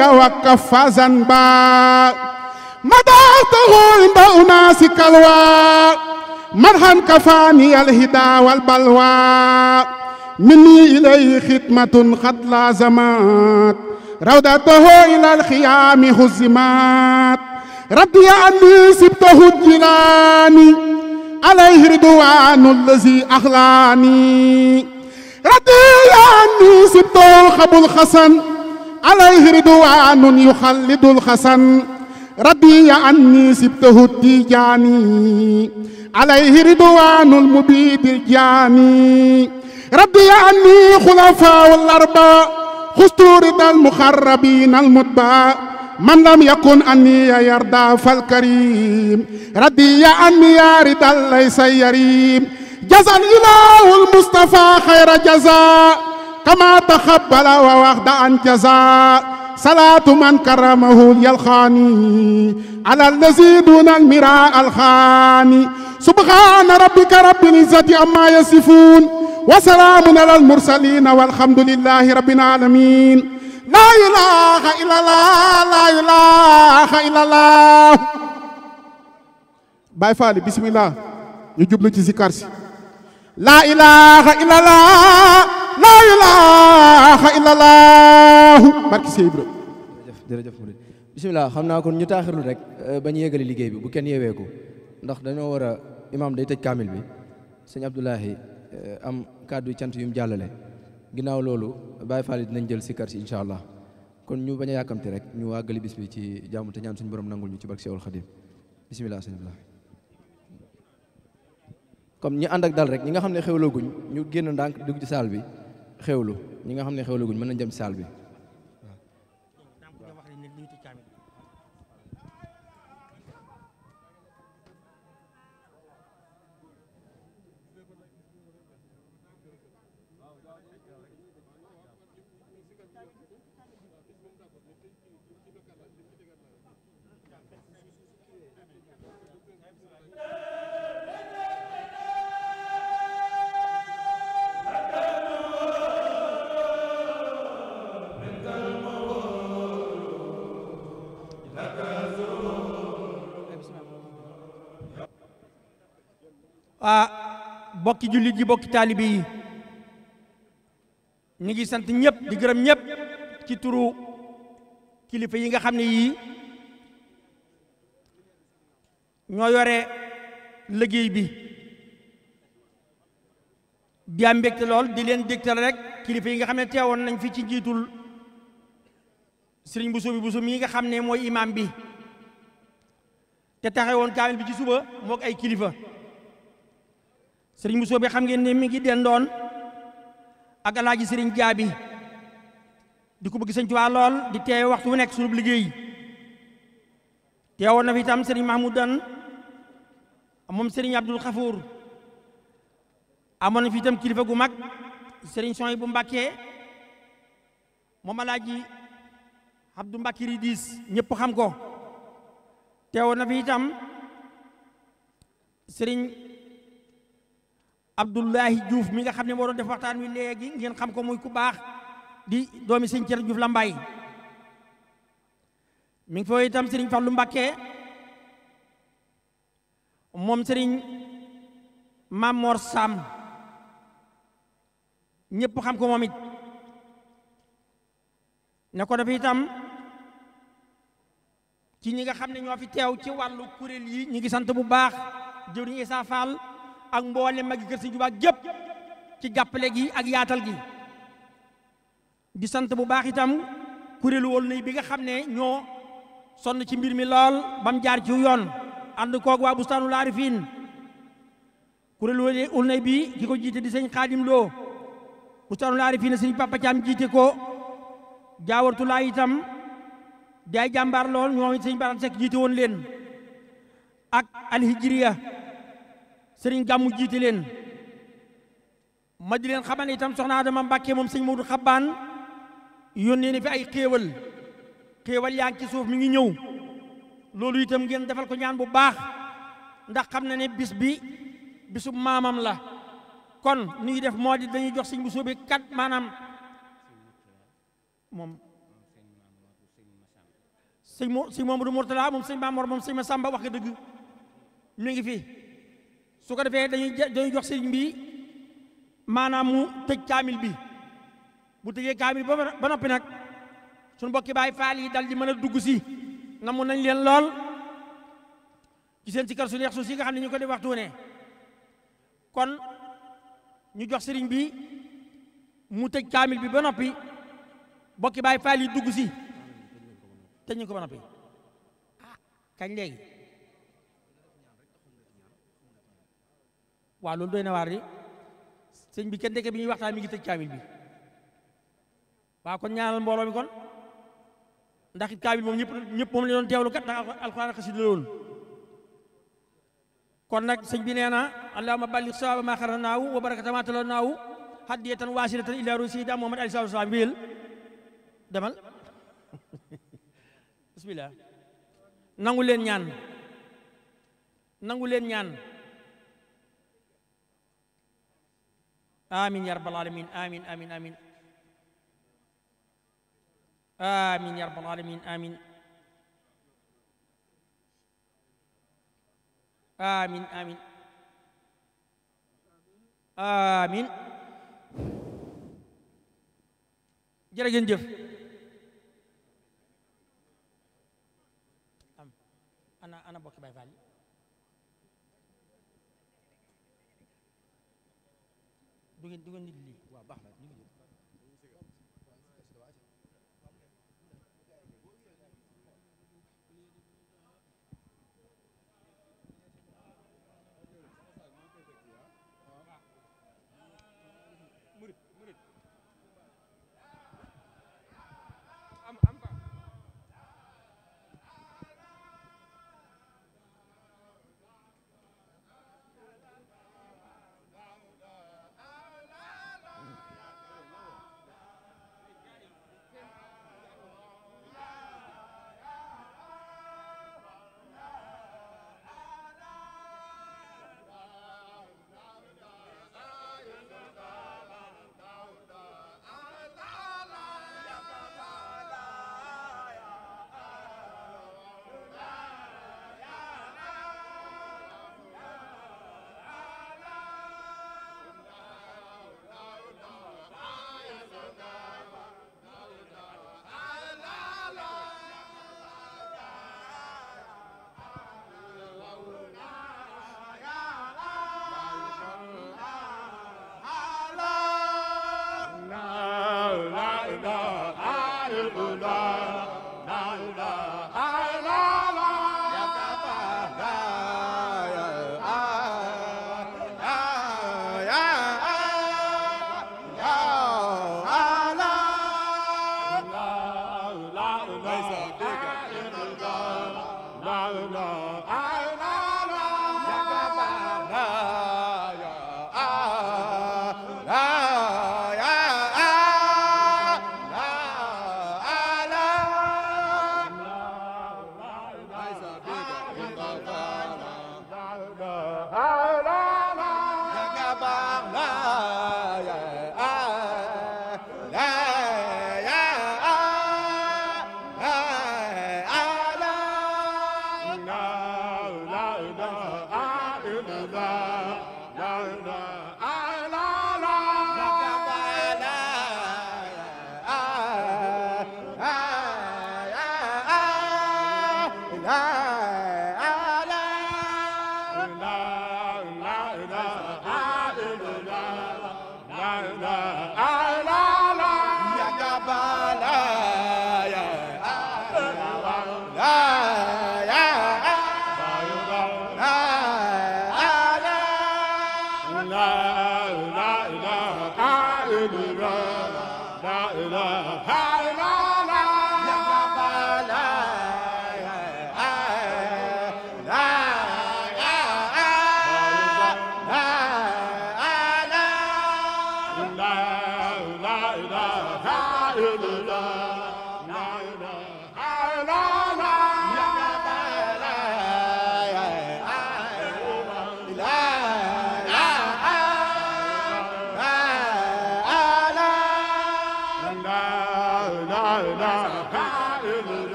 البر وكف زنبا مدعته عند أناس كلوى مرحا كفاني الهدى والبلوى مني إليه ختمة قد لازمات روضته إلى الخيام هزمات رضي عني سبته الجنان عليه رضوان الذي أخلاني رضي عني سبته الخب الخسن عليه رضوان يخلد الحسن ربي عني سبته التيجاني عليه رضوان المبيد الجاني ربي عني خلفاء الأربع خست رضا المخربين المتبع من لم يكن أني يرضى فالكريم رضي أني رضا ليس يريم جزا الإله المصطفى خير جزاء كما تقبل ووحد عن جزاء صلاة من كرمه اليلخاني على الذي دون المراء الخاني سبحان ربك رب العزة عما يصفون وسلام على المرسلين والحمد لله رب العالمين لا إله إلا الله لا إله إلا الله باي فالي بسم الله ñu jublu ci zikar si laa ilaaha illallah laa ilaaha illallah barki xam naa kon ñu taaxirlu rek euh, bañ ñu liggéey bi bu kenn yeeweeku ndax dañoo war a imaam day tëj kaamil bi sëñ Abdoulahi euh, am kàddu cant yu mu jàllale ginnaaw loolu Baye Fall nañ jël si kar si incha allah kon ñu bañ a rek ñu wàggali bis bi ci jàmm te ñaan borom nangul ñu ci barke Seyxul Xadim bisimilah sëñ Abdoulahi comme ñi ànd ak dal rek ñi nga xam ne xewloo guñ ñu génn ndànk dugg ci saal bi xewlu ñi nga xam ne xewloo guñ mën nañ dem ci saal bi. bokki jullit yi bokki taalibe yi ñu ngi sant ñëpp di gërëm ñëpp ci turu kilifa yi nga xam ne yii ñoo yore liggéey bi di am mbégte lool di leen dégtal rek kilifa yi nga xam ne teewoon nañ fi ci njiitul sëriñ Buso bi Buso mi nga xam ne mooy imaam bi te taxe woon kaamil bi ci suba mook ay kilifa sëriñ Bousso bi xam ngeen ne mi ngi dendoon ak alaaji sëriñ jaabi di ko bëgg sëñ lool di teewe waxtu wu nekk sunub liggéey teewoon na fi itam sëriñ Mahmoudan moom sëriñ Abdul Xafuur amoon na fi itam kilifa gu mag sëriñ Soy bu Mbàkke moom alaaji Abdu Mbàkkiri diis ñëpp xam ko teewoon fi itam sëriñ Abdoulahi juuf mi nga xam ne moo doon def waxtaan wi léegi ngeen xam ko muy ku baax di doomi sëñ Cër Diouf Lambaye mi ngi fooy itam sëriñ Fallou Mbacké moom sëriñ Mamor Sam ñëpp xam ko moom it ne ko dafa itam ci ñi nga xam ne ñoo fi teew ci wàllu kuréel yi ñi ngi sant bu baax jëwriñ Issa Fall ak mboole magi kër Sëñ Tuubaa gépp ci jàppale gi ak yaatal gi di sant bu baax itam kuréelu Wallu bi nga xam ne ñoo sonn ci mbir mi lool bam jaar ci yoon ànd koog waa Bustaanul Aarifiin kuréelu Wallu bi ki ko jiite di sëñ Xaadim Lo Bustaanul Aarifiin sëñ Papa jiite ko jaawartulaa itam day jàmbaar lool ñoo sëñ Baran Sekk jiite woon leen ak alhijriya sëriñ gàmmu jiite leen ma di leen xamal itam soxna Adama Mbàkke moom sëñ Moodu Xabbaan yónnee na fi ay xéewal xéewal yaa ngi ci suuf mi ngi ñëw loolu itam ngeen defal ko ñaan bu baax ndax xam na ne bis bi bisu maamam la kon ni ngi def moo di dañuy jox sëñ bu soobee kat maanaam moom sëñ mo sëñ Mamadou moom sëñ Mamor moom sëñ Masamba wax nga dëgg mi ngi fi su ko defee dañuy dañuy jox sëriñ bi maanaam mu tëj kaamil bi bu tëjee kaamil ba noppi nag suñu mbokki baay faal yi dal di mën a dugg si namu nañ leen lool ci seen si kër su neex nga xam ne ñu ko di waxtu ne kon ñu jox sëriñ bi mu tëj kaamil bi ba noppi mbokki baay faal yi dugg si tëj ñu ko ba noppi ah, kañ léegi waaw loolu doy na waar de sëñ bi kenn dëkk bi ñuy waxtaan mi ngi tëj kaamil bi waaw kon ñaanal mbooloo mi kon ndax it kaamil moom ñëpp ñëpp moom la doon teewlu kat alxuraan xasida kon nag sëñ bi nee na allahumma balligh sawaaba maa xara naawu wa barakata maa tala naawu hadiyatan wasilatan ila rusida muhammad ali sallallahu alayhi wasallam demal bismillah nangu leen ñaan nangu leen ñaan amin ya rabbal alamin amin amin amin amin ya rabbal alamin amin amin amin amin jërë ngeen jëf ana ana bokki Baay Faal du ngeen du ngeen nit lii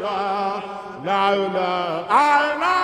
la la la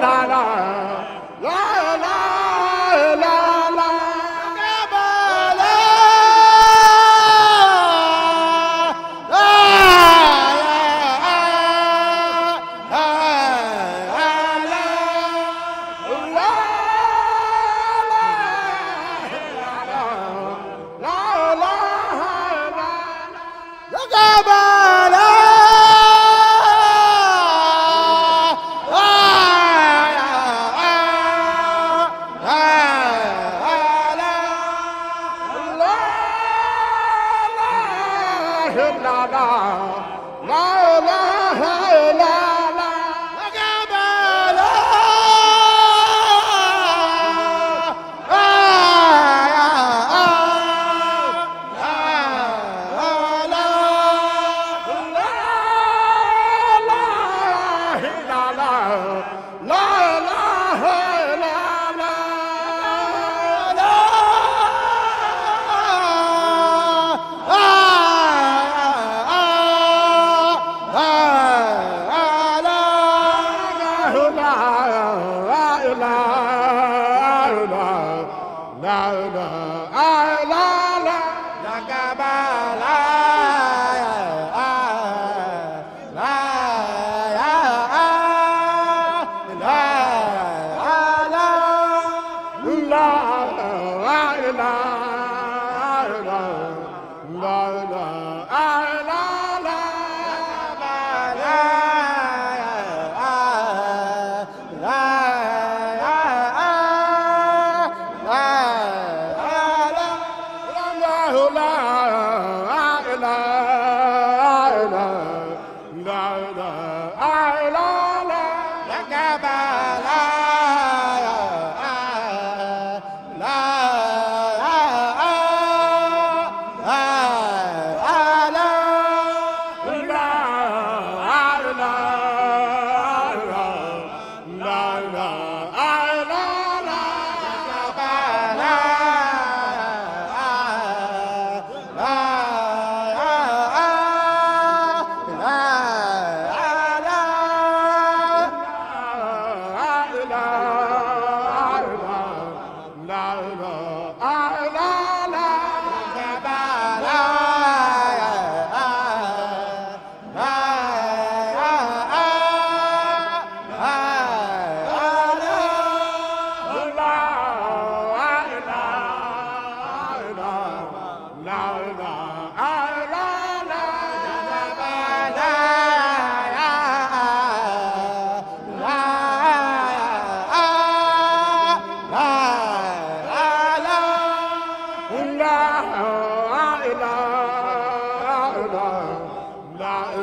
la la la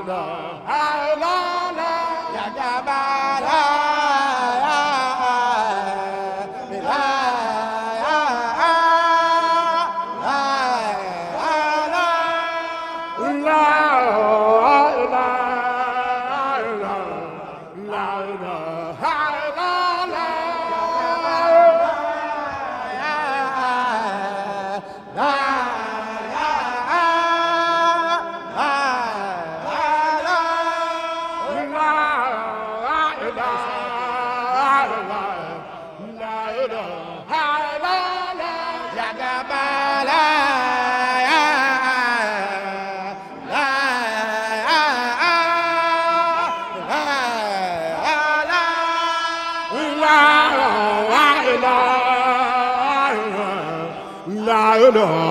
Radha Lord.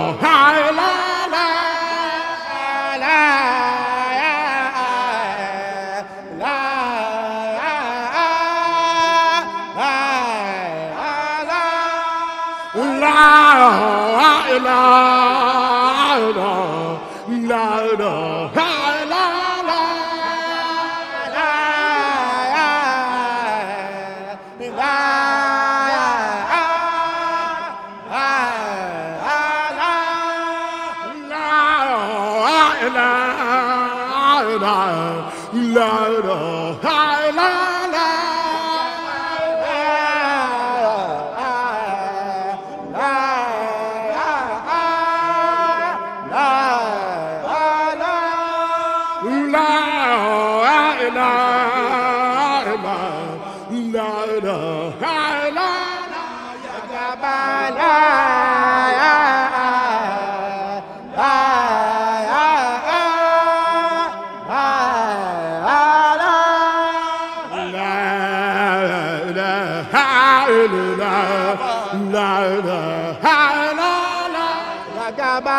la la la la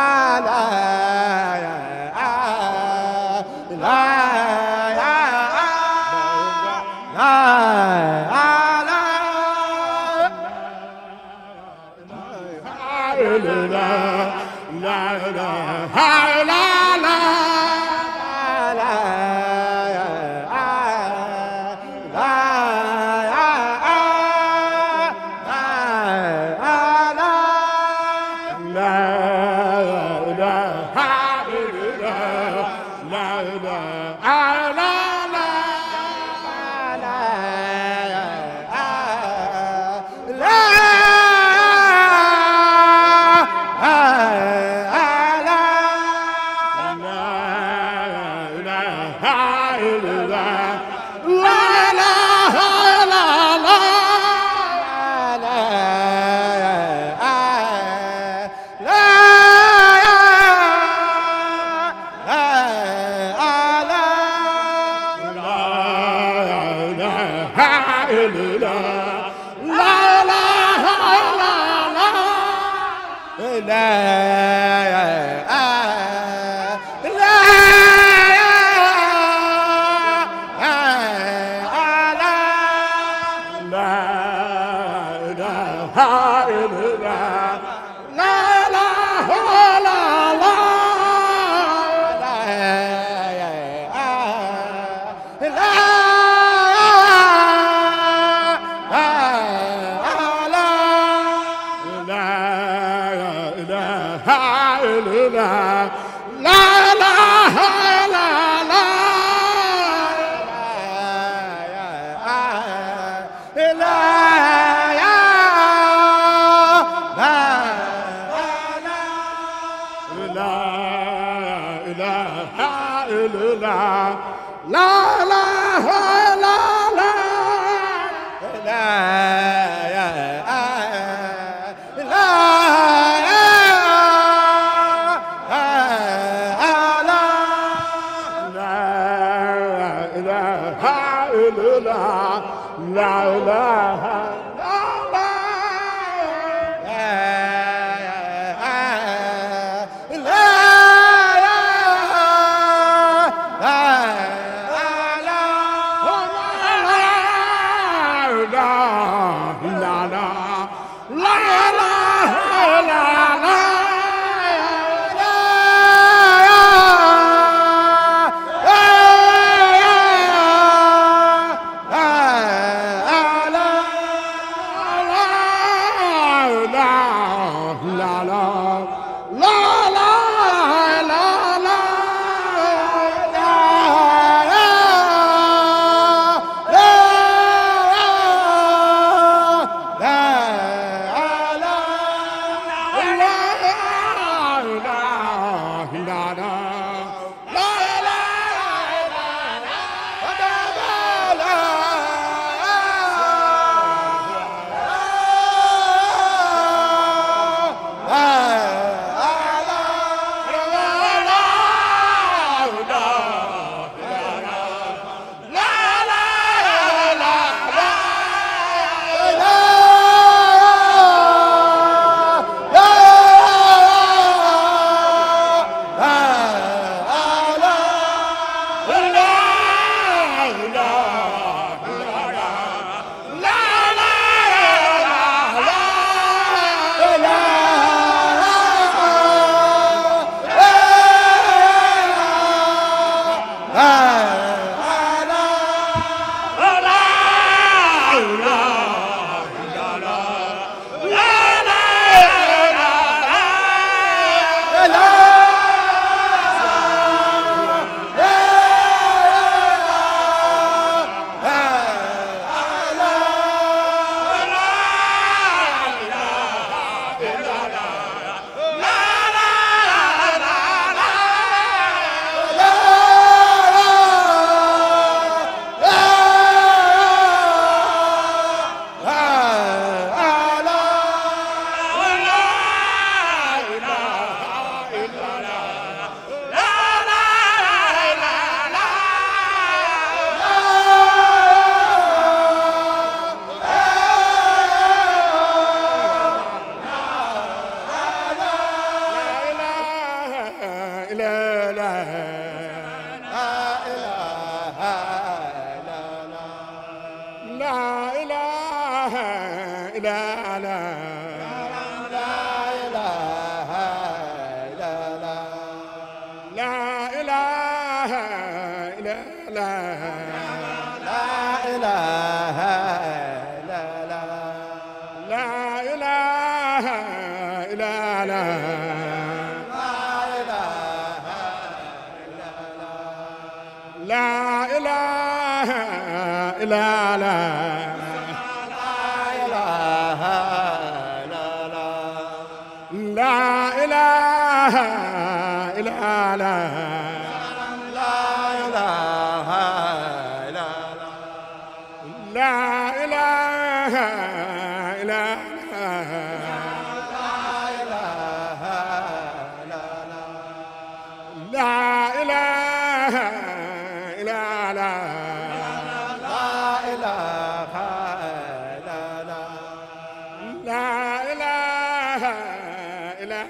إله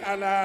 ala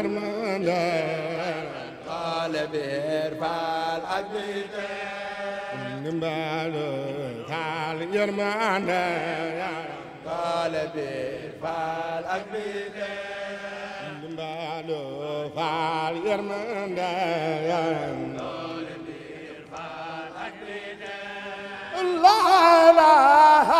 درمان قال بيرفال أبيته نمبالو قال يرمان قال بيرفال أبيته نمبالو قال يرمان قال بيرفال أبيته لا لا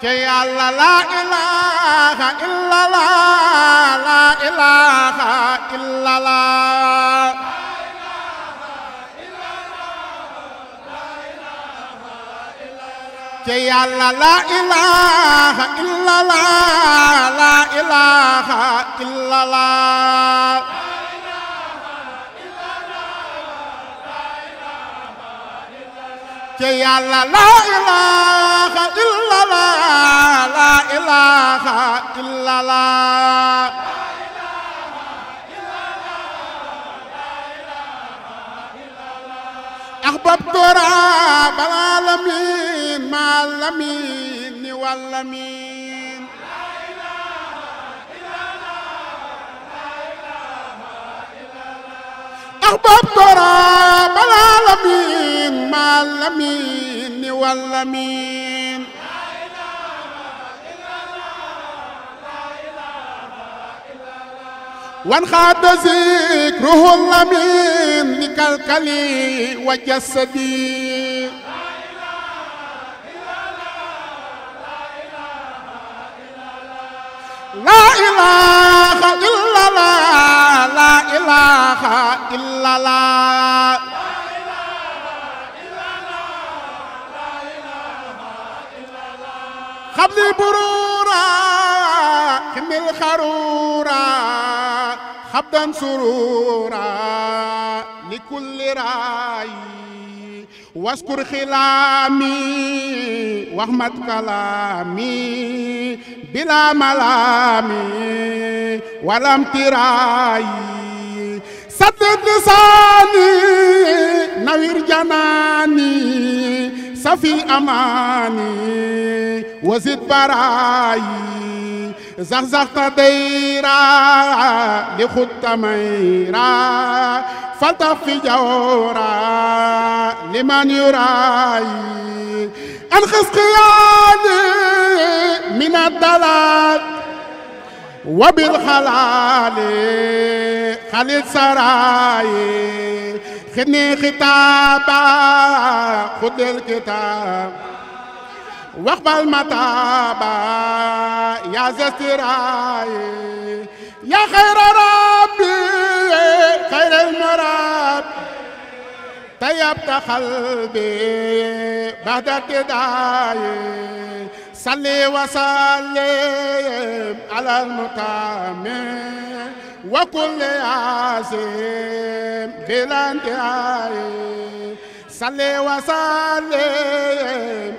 ci yàlla la ilaha illallah la ilaha illallah ci yàlla la ilaha illallah la ilaha illallah ci yàlla la ilaha illa la la ilaha illa la أحببت رب العالمين مع الأمين والأمين أحببت رب العالمين مع الأمين والأمين وانخاد ذكره الأمين لكلكلي وجسدي لا إله إلا الله ilaha illallah خبلي برورا كمل خرورا خبدا سرورا لكل راي واذكر خلامي واحمد كلامي بلا ملامي ولا امتراي سدد لساني نوير جناني صفي أماني وزد براي زغزغت ديرا لخدت ميرا فلتف في جورا لمن يراي أنخص قيادي من الضلال وبالخلال خالد سراي خدني خطابا خد الكتاب واقبل متابا يا زستراي يا خير ربي خير المراب طيبت قلبي بعد ابتدائي صلي وسلم على المتام وكل عاصم بلا انتهاء صلي وسلم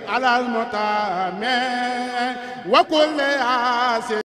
على المتام وكل عاصم